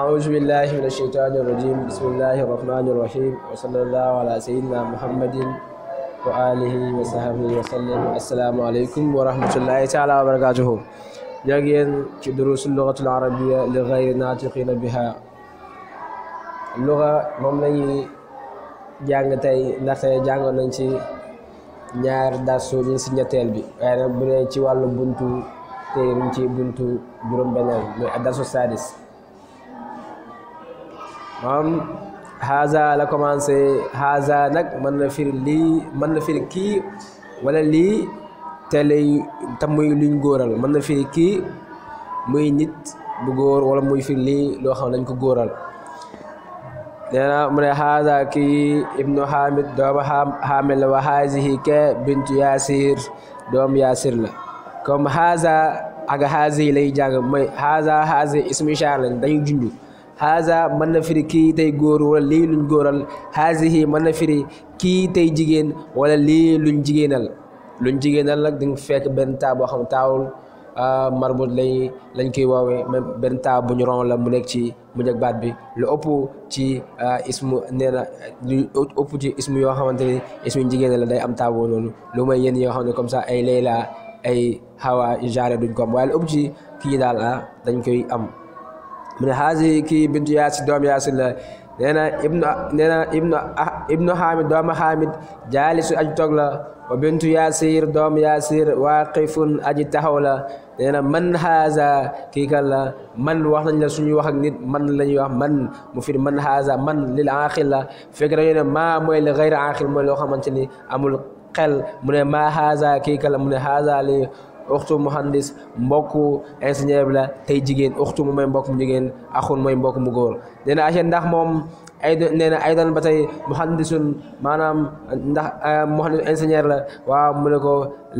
أعوذ بالله من الشيطان الرجيم بسم الله الرحمن الرحيم وصلى الله على سيدنا محمد وآله وصحبه وسلم السلام عليكم ورحمة الله تعالى وبركاته جاكين دروس اللغة العربية لغير ناطقين بها اللغة مملي jàng tey ndaxte jàngoon nañ ci ñaar darsu ñu si ñetteel bi waaye nag bu dee ci wàllu buntu tey ñu ci buntu juróom-benneel muy darsu sadis maanaam la commencé haza nag mën na firi lii man na firi kii wala lii te lay te luñ góoral mën na firi kii muy nit bu góor wala muy firi lii loo xam dañ ko góoral nee na mu ne haza kii ibnu hamid doomu hamid la wa hazihi ke bintu yaasir doom yaasir la comme haza ak hazi lay jàng mooy haza hazi ismu ishaar lañ dañuy haza mën na firi kii tey góor wala lii luñ góoral hazihi mën na firi kii tey jigéen wala lii luñ jigéenal luñ jigéenal nag di nga fekk benn taa boo xam taawul ah, marbut lay lañ koy woowee même benn taa bu ñu ron la mu nekk ci mu nekk baat bi lu ëpp ci ah, ismu nee na lu ëpp ismu yoo xamante ni ismu jigéen la day am taa boobu noonu lu may yenn yoo xam ne comme sa ay Layla ay Hawa genre duñ ko am lu ëpp ci kii daal ah, dañ koy am. mu ne haasi kii bintu yaasi doom yaasi la nee na ibnu nee na ibnu ah, ibnu xaamid doomu toog la wa bintu yaasir doomu yaasir waaqifun aji taxaw la nee na man haasa kii kan la man wax nañ la suñuy wax ak nit man la ñuy wax man mu firi man haasa man lil aqil la fekk dañu ne maa mooy li gayr aqil mooy loo xamante ni amul xel mu ne maa haasa kii kan la mu ne haasa li uxtu muhandis mbokku ingénieur bi la tey jigéen uxtu mu mooy mbokk mu jigéen axun mooy mbokk mu góor nee na ndax moom ay nee na ay doon ba tey muhandisun maanaam ndax euh, muhandis ingénieur la waaw mu ne ko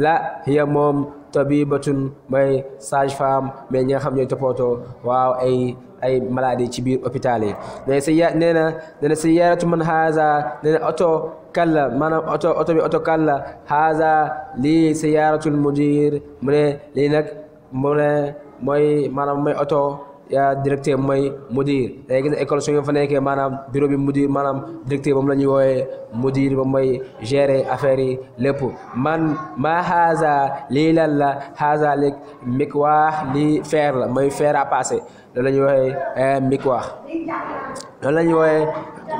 la hiya moom tabibatun mooy sage femme mais ñi nga xam ñooy toppatoo waaw ay ay maladie ci biir hôpital yi nee nee na nee na sayyaratu man haza nee na oto kalla maanaam oto oto bi oto kalla haza li sayyaratul mudir mu ne nag mu ne mooy maanaam mooy oto directeur mooy mudir day gis école su ñu nekkee maanaam bureau bi mudir maanaam directeur moom la ñuy woowee mudir ba mooy gérer affaire yi lépp man ma xaasa lii lan la xaasa lig mik waax lii faire la mooy faire à passer loolu la ñuy woowee eh, mik waax loolu la ñuy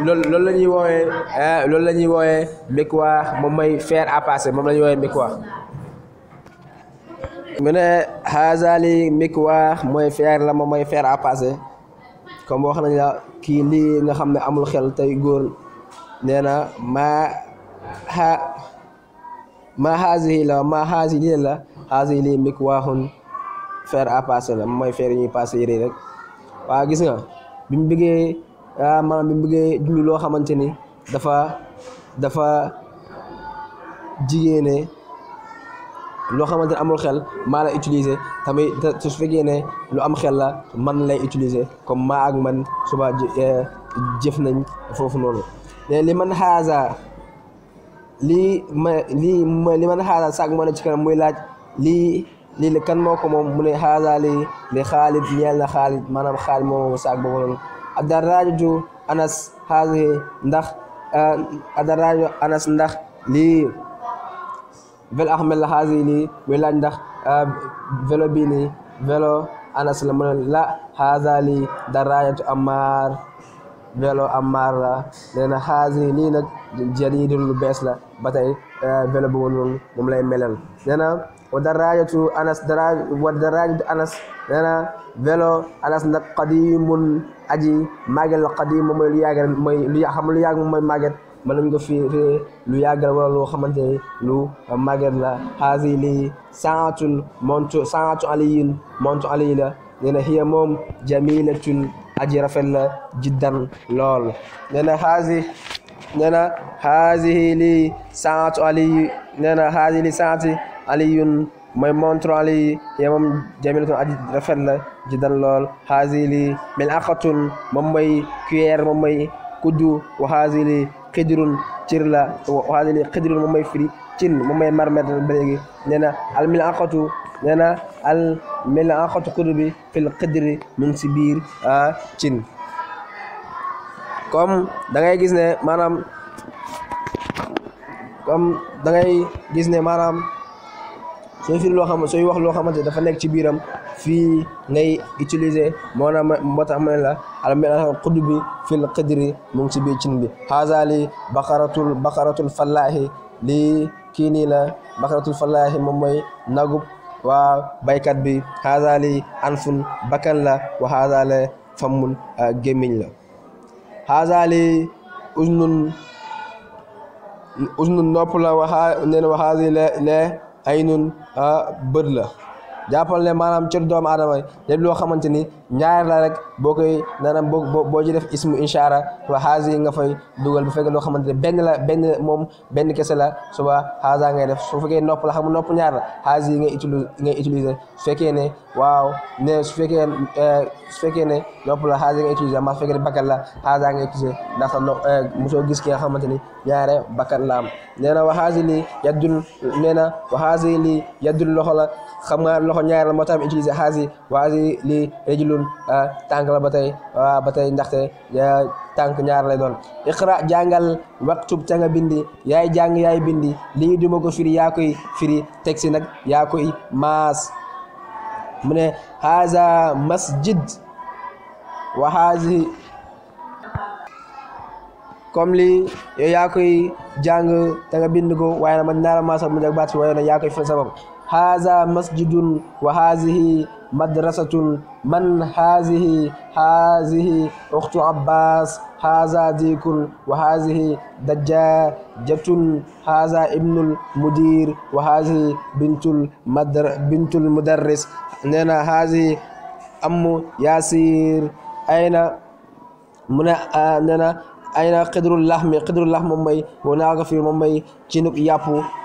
loolu loolu la ñuy woowee eh, loolu la ñuy woowee mik waax moom may faire à moom la ñuy woowee mik waax mu ne xaasali mikwaax mooy fer la ma moy fer à passer comme wax la kii lii nga xam ne amul xel tey góor nee na maa xaa la maa xaasi lii la xaasi lii mikwaaxun fer à passer la mooy fer yi ñuy passer yére rek waa gis nga bi mu bëggee ah, maanaam bi mu bëggee junj loo xamante ni dafa dafa jigéene loo xamante ne amul xel maa lay utiliser tamit lu am xel man lay utiliser comme maa ak man suba eh, jëf nañ foofu noonu eh, li man xaaza lii ma lii ma li man xaaza saag moo ne ci kanam muy laaj lii lii la kan moo ko moom mu ne xaaza lii li xaalid ñeel na xaalid maanaam xaalid moo moom saag boobu noonu adaraajo anas xaazi ndax eh, adaraajo anas ndax li vélo axmel xaasi lii muy laaj ndax euh, velo bii nii vélo anas la mu ne la xaasa lii daraayatu amaar vélo amaar la nee na xaasi nag jadiidul lu bees la ba tey euh, vélo boobu noonu moom lay melal nee na wa daraajatu anas dara wa anas nag qadimun aji màgget la qadim moom mooy lu yàgg mooy lu xam lu yàgg moom màgget mën nañ ko lu yàgg xamante ne lu màgget la xaasi lii saatul montu saatu aliyin montu la nee hiya moom jamilatun aji rafet la jiddan lool nee na xaasi nee na xaasihi lii saatu aliyi nee na xaasi lii aliyun hiya moom jamilatun aji rafet la jiddan lool xaasi lii milaqatun moom mooy cuillère wa xaasi xijirul cir la waxaale li xijirul moom mooy firi cin moom mooy marmetal ba léegi nee na al milaqatu nee na al milaqatu kudu bi fil xijiri mu ngi si biir cin comme da gis ne maanaam comme gis ne maanaam sooy firi loo xam sooy wax loo xamante dafa nekk ci biiram fi ngay utilise moo na moo tax ma almilal qudbi fil qidri mu ngi ci biir cin bi haza li baqaratul baqaratul fallaahi lii kii nii la baqaratul fallaahi moom mooy nagub wa baykat bi haza li anfun bakkan la wa haza la fammun ah, gémmiñ la haza li uznun uznun wa nee na aynun ah, bët la jàppal ne maanaam cër doomu aadama lépp loo xamante ni ñaar la rek boo koy naanaam boo boo ci def ismu inshara wa haasi nga fay dugal bu fekkee loo xamante ne benn la benn moom benn kese la suba haasa ngay def su fekkee nopp la xam nopp ñaar la haasi ngay utili ngay utiliser su fekkee ne waaw ne su fekkee eh, su fekkee ne nopp la haasi ngay utiliser maa su fekkee bakkan la haasa ngay utiliser ndax sax no eh, mosoo gis ki nga xamante ni ñaare bakkan la am nee na wa haasi lii yaddul nee na la xam loxo ñaar la moo tax mu utilisé xaasi li rajulun ah, tànk la ba tey waa ba tey ndaxte tànk ñaar lay doon iqra jàngal waktub ta bindi yaay jàng yaay bindi lii duma ko firi yaa koy firi teg si nag yaa koy maas mu ne haza masjid wa haazihi comme lii yaa koy jàng ta nga ko waaye na man naa la mu jag baat fi waaye na yaa koy firi sa haza masjidun wa hazihi madrasatun man hazihi hazihi ukhtu abbas haza dikun wa hazihi dajjajatun haza ibnul mudir wa hazihi bintul madar bintul mudarris nena hazihi ammu yasir aina muna nena ay na xidrul laxmi xidrul lax moom mooy wa naaga fi moom mooy ci nub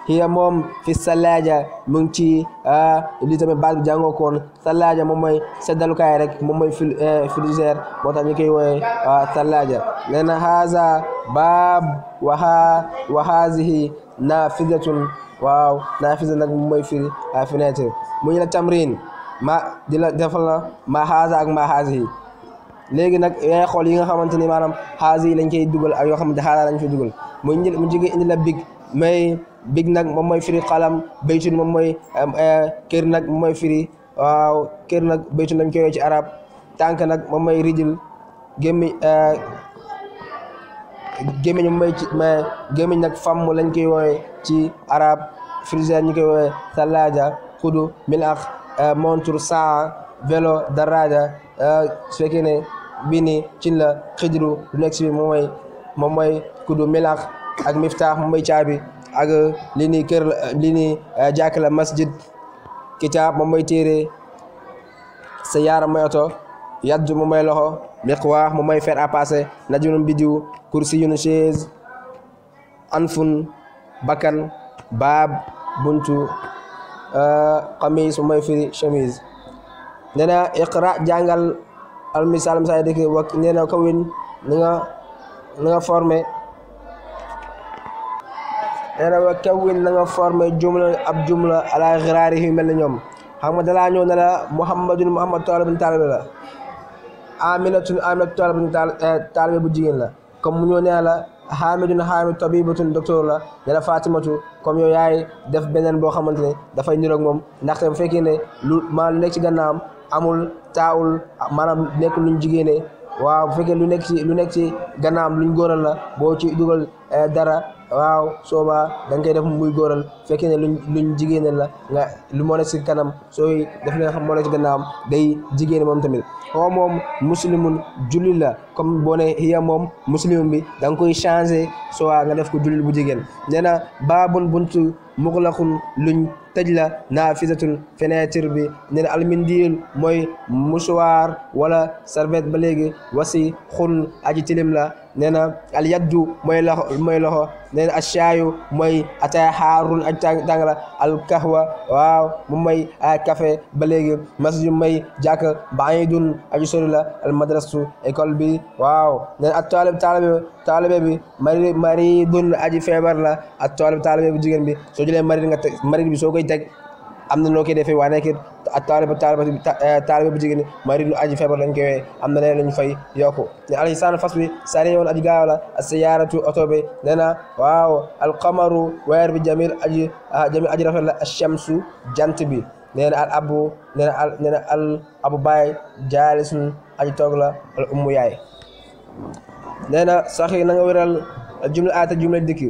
hiya moom fi salaaja mu ngi ci li tamit baat bi jàngoo koon salaaja moom mooy seddalukaay rek moom mooy e, frigidaire moo tax ñu koy wooye salaaja nee na haza baab waha wa hazihi waaw nafiza nag moom mooy firi fenêtre mu ñu la tamrin ma di la defal la ma haza ak ma léegi nag yaay xool yi nga xamante ni maanaam xaas yi lañ koy dugal ak yoo xamante xaala lañ koy dugal mu indi mu jóge indi la big may big nag moom mooy firi xalam baytun moom mooy eh, kër nag moom mooy firi waaw kër nag baytun lañ koy woo ci arab tànk nag moom mooy rijil gémmi eh, gémmiñ moom mooy gémmiñ nag famm lañ koy woowe ci arab frigidaire ñu koy woowe salaaja xudu milax eh, montre saa velo daraja su bii nii cin la xidru lu nekk si biir moom mooy moom mooy kuddu milaax ak miftaax moom mooy caabi ak lii nii lii nii eh, jàkk la masjid kitaab moom mooy téere sayyaara mooy oto yaddu moom mooy loxo miqwaax moom may fer à passer najmun biddiw kursiyun chaise anfun bakkan baab buntu eh, xamis moom mooy firi chemise nee na iqra jàngal almis almisaydiki wak nena kawin ninga ninga forme nena wa kawin na nga forme jumla ab jumla ala xiraari yu mel ne ñoom xam nga dalaa ñëw ne la muhammadun muhammad taalibin taalibe la aminatun aminatu taalibin taalibe eh, bu jigéen la comme mu ñëw nee la xaamidun xaamid tabibatun docteur la ne la fatimatu comme yow yaay def beneen boo xamante ne dafay niroog moom ndaxte bu fekkee ne lu maa lu nekk ci gannaam amul taawul maanaam nekk luñ jigéene waaw bu fekkee lu nekk ci lu nekk ci gannaam luñ góoral la boo ci dugal eh, dara waaw sooba da nga koy def muy góoral fekkee ne luñ luñ jigéene la lu moo nekk si kanam sooy def li nga xam moo nekk si gannaam day jigéene moom tamit xoo moom muslimun jullit la comme boo ne hiya moom muslimun bi da nga koy changé soo nga def ko jullit bu jigéen nee na baabun buntu muxlaqun luñ tëj la naafisatul fenêtre bi ne na almindil mooy mouchoir wala serviette ba léegi wasi xun aji tilim la nee na alyaddu mooy loxo mooy loxo nee na ashaayu mooy ataaya xaarun aji tàng al alkahwa waaw mu may ay ah, kafe ba léegi masjid may jàkk baidun aji sori la almadrasu école bi waaw nee na ataalib taalibe taalibe bi mari maridun aji feebar la ak taalib taalibe bu jigéen bi soo jëlee marid nga teg marid bi soo koy teg am na noo koy defee waa nekkit ak taaliba taaliba taaliba bu jigéen maridun aji feebar lañ koy am na leen lañ fay yokku ne alxisaan fas bi sari yoon aji gaaw la asiyaaratu oto bi nee na waaw alqamaru bi jamil aji ah, jamil rafet la achamsu jant bi nee na al abu nee na al aji toog la al ummu yaay nee na sax yi na nga wéral jumla aata jumla dikki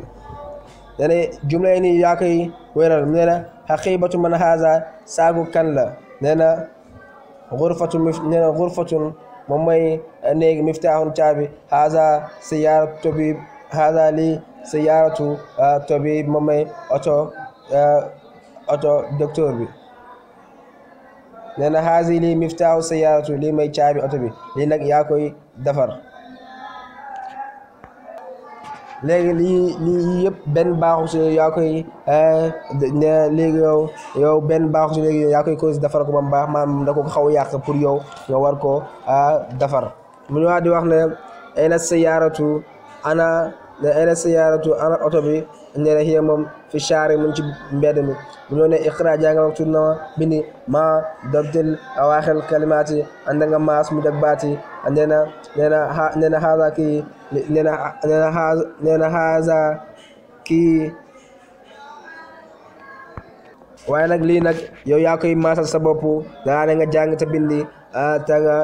nee na jumla yi nii yaa koy wéral nee man haza saagu kan la nee na xurfatu mi nee na moom mooy néegi miftaaxun caabi haza siyaaratu tabib haza lii ah, oto ah, oto docteur bi nee na haasi lii miftaaxu siyaaratu lii mooy caabi oto bi lii nag yaa koy defar léegi lii lii yëpp benn baaxu si yaa koy eh, léegi yow yow benn baaxu si léegi yaa koy defar ko ba baax maa da ko xaw yàq pour yow nga war ko ah, defar mu ñëwaat di wax ne ana sayaaratu ana ana sayaaratu ana oto bi ne la xëy moom fi chaari mu ci mbedd mi mu ñëw ne iqra jàngal ak tur na ma bindi ma dabtil awaaxil kalimaati ànd nga maas mu jag baati nee na nee na waaye nag lii nag yow yaa koy maasal sa bopp danaa jàng te bindi te nga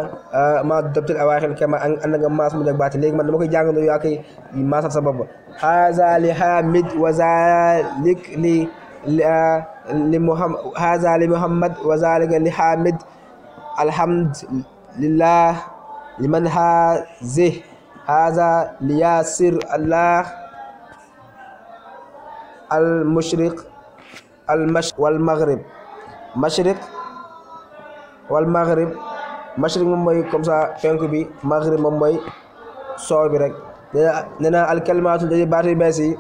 ma doptil awaaxil kama ànd nga maas mu jag baati léegi man dama koy jàng yaa koy maasal sa bopp li hamid wa zalik li li muhammad haza liman haazih haaza liyasir allah al mushriq al mash wal maghrib mashriq wal maghrib mashriq moom mooy comme ça penku bi maghrib moom mooy soow bi rek nee na alkalimaatu jadi baat yu bees yi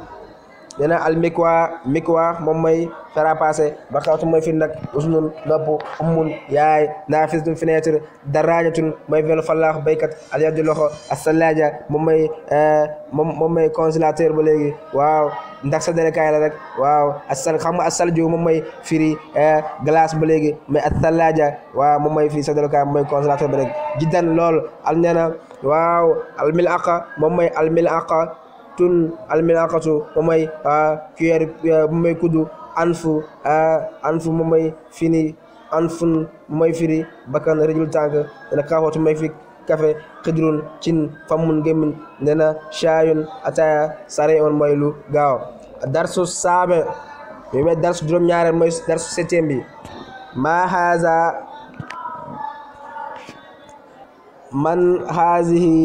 nee al mikwa mikwa moom may farapaase ba xawtu mooy fi nag usnun nopp umun yaay naafisatun fenêtre darajatun mooy velu fallaax béykat al yaddu loxo asalaja moom mooy eh, moom moom mooy consulateur ba léegi waaw ndax sa derekaay la rek waaw asal xam nga asal jo moom mooy firi eh, glace ba léegi mais asalaja waaw moom mooy firi sa derekaay moom mooy consulateur ba léegi jiddan lool al nee waaw al mil aqa moom mooy al mil aqa tun almilaqatu moom mooy cuillère ah, ah, moom mooy kuddu anfu ah, anfu moom mooy fini anfun mooy firi bakkan rëjul tànk nee na kaafootu mooy firi kafe xidrun cin fammun gémmiñ nee shaayun ataaya sare on mooy lu gaaw darsu saabe bi mooy darsu juróom-ñaareel mooy darsu septième maa haaza man haazihi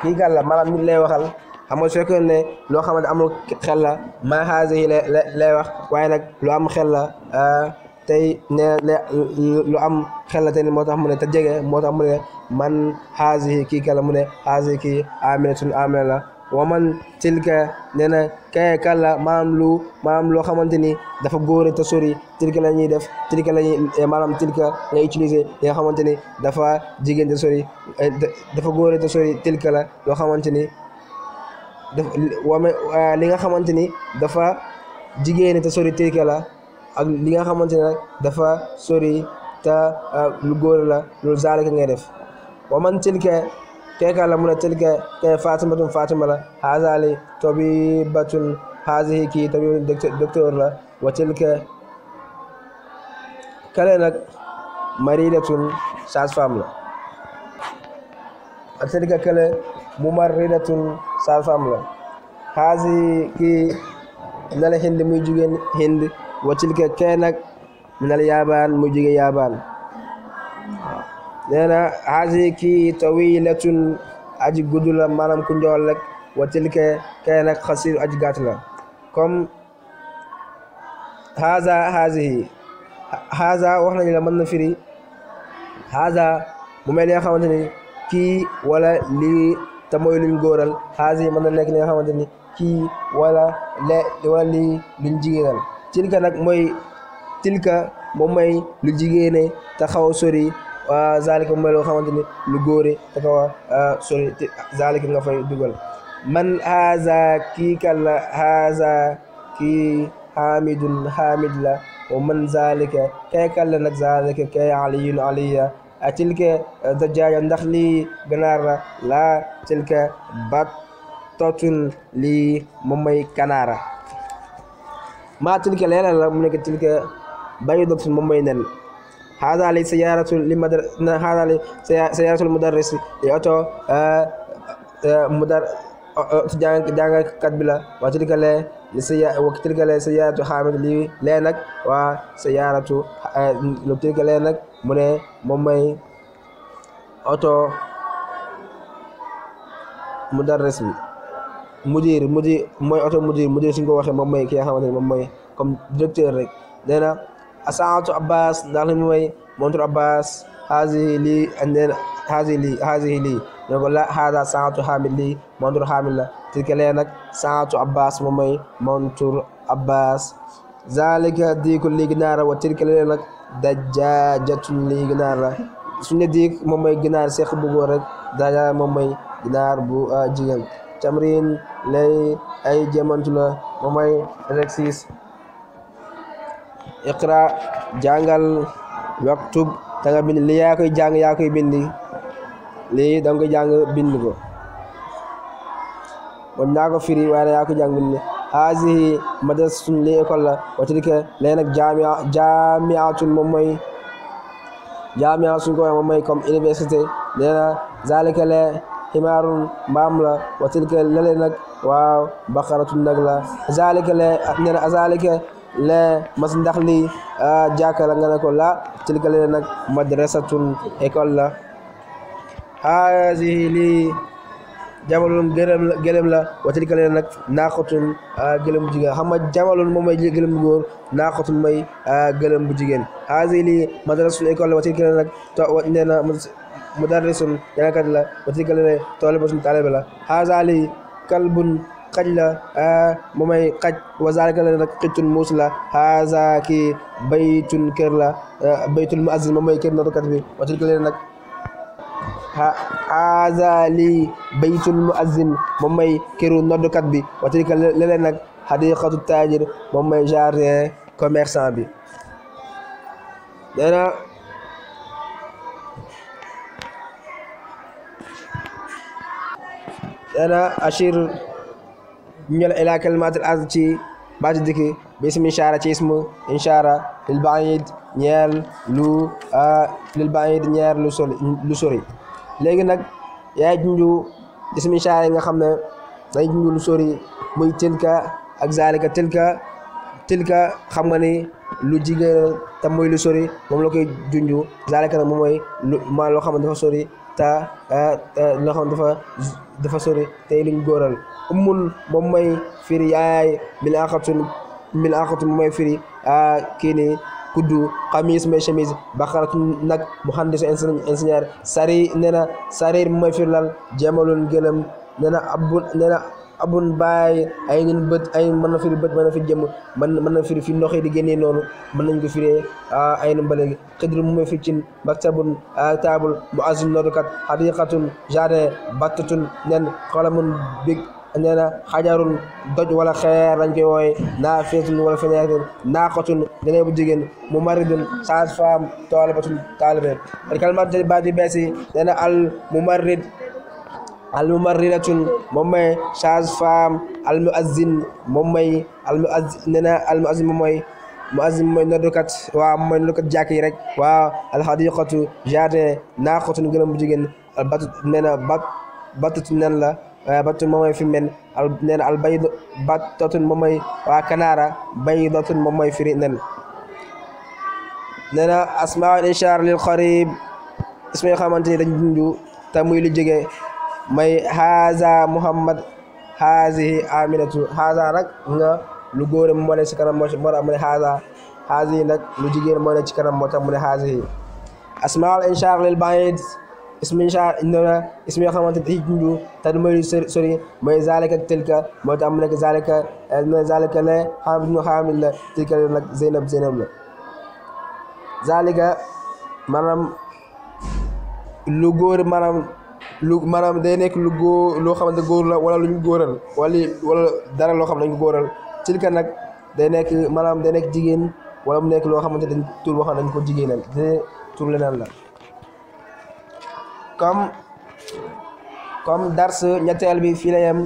kii kan la maanaam nit xam nga su ne loo xamante ne amul xel la maa haasihi la lay wax waaye nag lu am xel la euh, tey ne lu am xel la tey moo tax mu ne te jege moo tax mu ne man haasihi kii kala mu ne haasihi kii aminatun amina la wa man tilka nee na kaye kala maanaam lu maanaam loo xamante ni dafa góore te sori tilka la ñuy def tilka la ñuy eh, maanaam tilka la utiliser nga xamante ni dafa jigéen te sori eh, dafa góore te sori tilka la loo xamante ni daf wame li nga xamante ni dafa jigéen te sori teeke la ak li nga xamante ne nag dafa sori te euh, lu góor la loolu zaalika ngay def wa man tilka keeka la mun a tilka ke fatimatun fatima la haazali tabibatun haazihi kii tabibatun docteur la wa tilka kale nag maridatun sage-femme la ak tilka kale mumarridatun saal faam la xaasi kii nala hind muy jóge hind waccil ka kee minal yaabaan muy jóge yaabaan nee na xaasi kii tawilatun aji gudd la maanaam ku njool rek waccil ka kee nag xasiir aji gàtt la comme xaasa xaasihi xaasa wax nañu la mën na firi xaasa mu mel ni nga ni kii wala lii te mooy luñ góoral xaas yi mën na nekk li nga xamante ni kii wala le wala lii luñ jigéenal tilka nag mooy tilka moom lu jigéene te xaw a sori zaalika lu góore te xaw a sori zaalika nga fay dugal man haaza kii kan la haaza kii xaamidun xaamid la wa man zaalika kay kan nag zaalika kay aliyun aliya a dajaaja ndax lii ganaar la laa tilka battatun lii moom mooy kanaara maa tilka leeral la mu nekk tilka baydatun moom mooy nen haadaa li sayaaratu li madar haadaa li sayaaratul mudarris li oto mudar jàngkat bi la waa tilka lee li saya wa tilka lee sayaaratu xaamid mu ne moom may oto mudarris bi mudir mudir mooy oto mudir mudir suñ ko waxee moom mooy ki nga xamante ne moom mooy comme directeur rek nee na asaatu abbas ndax lañ may montre abbas haasihi lii andeen haasihi lii haasihi lii ne ko la haada saatu xaamil lii montre la tilka lee nag saatu abbas moom mooy montre abbas zalika diikul lii ginaara wa tilka nag dajaajatul lii ginaar la suñ ne diig moom mooy ginaar seq bu góor rek dajaa moom mooy ginaar bu ah, jigéen tamrin lay ay jéemantu la moom mooy exercice iqra waktub da nga bind lii yaa koy jàng bindi lii da nga koy jàng bind naa ko firi waaye yaa koy jàng haasihi madrasatun lii école la wa tilka lee nag jaamia jaamiatun moom mooy jaamia suñ ko waxee moom mooy comme université nee na zalika lee ximaarun mbaam la wa tilka lale nag waaw baqaratun nag la zalika lee nee na zalika lee mas ndax li jàkka la nga ne ko la tilka lee nag madrasatun école la haasihi lii jamalun gëlëm la gëlëm la watali kale nag naaxatun ah, gëlëm bu jigéen xam nga jamalun moom mooy gëlëm bu góor naaxatun mooy ah, gëlëm bu jigéen haasi lii madrasul école la watali kale nag to nee na mudarrisun la watali kale ne talibatun taalibe la haasa lii kalbun xaj la ah, moom kat xaj wazalika la nag xittun muus la haasa kii baytun kër la baytul muazzin moom mooy kër notukat bi watali kale nag azali baytul muazzin moom mooy këru noddukat bi wa tilka leneen nag xadiqatu taajir moom mooy jardin commerçant bi nee na nee na ashir ñol ci baati dikki bi ismi inshara ci ismu inshara lil baid ñeel lu ah, lil léegi nag yaay junju ism ishaara yi nga xam ne dañ junju lu sori muy tilka ak zalika tilka tilka xam nga ni lu jigéen te muy lu sori moom la koy junju zalika nag moom mooy lu maa loo xam ne dafa sori te loo xam dafa dafa sori tey luñ góoral ummul moom mooy firi yaay min aqatun min aqatun moom mooy firi kii nii kuddu xamis mooy chemise baxaratu nag muhandis ingénieur sari nee na sarir mooy firlal jamalun gëlëm nee na abun nee na abun bàyyi ay ñun bët ay mën na firi bët mën na firi jëmm mën na firi fi ndox di génnee noonu mën na ko firee ay nu mbaléegi xidru mu may fi cin maktabun taabul mu azin noodukat xadiqatun jardin battatun nen xalamun big nee na xajarun doj wala xeer lañ koy wooye naafiyatun wala fenaatin naaqatun gënee bu jigéen mu maridun sage femme taalibatun taalibe al kalimaat jël baat yi bees yi nee na al mumarrid al mumarridatun moom mooy sage femme al muazzin moom mooy al muazzin nee na al muazzin moom mooy muazzin mooy noddukat waaw mooy noddukat jàkk yi rek waaw alxadiqatu jardin bu jigéen al bat nee na bat la batun moom mooy fi men al nen al bay battatun moom mooy waa kanaara baydatun moom mooy firi nen nee na asmaul inchar lil xarib isma yoo xamante ni dañ te muy lu jóge may haza muhammad hazihi aminatu haza nag nga lu góor moo ne ci kanam moo moo nag lu jigéen moo ne ci kanam moo tax mu ne hazihi asmaul inchar lil baid ismin shaar indi na ismi yoo xamante day junju te du mooy sori sori mooy zalika tilka moo tax mu nekk zalika eh, na zalika la xaamid nu nag zeynab zeynab la zalika maanaam lu góor maanaam lu maanaam day nekk lu góor loo xamante góor la wala lu ñu góoral wala wala dara loo xam ne dañu góoral tilka nag day nekk maanaam day nekk jigéen wala mu nekk loo xamante dañ tur xam ne dañ ko jigéenal dine tur leneen comme comme dars ñetteel bi fii la yem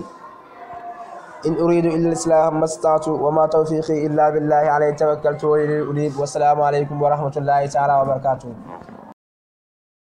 in uridu illa al-islaha mastata'tu wa ma tawfiqi illa billahi alayhi tawakkaltu wa ilayhi unib wa salaamu alaykum wa rahmatullahi ta'ala wa barakatuh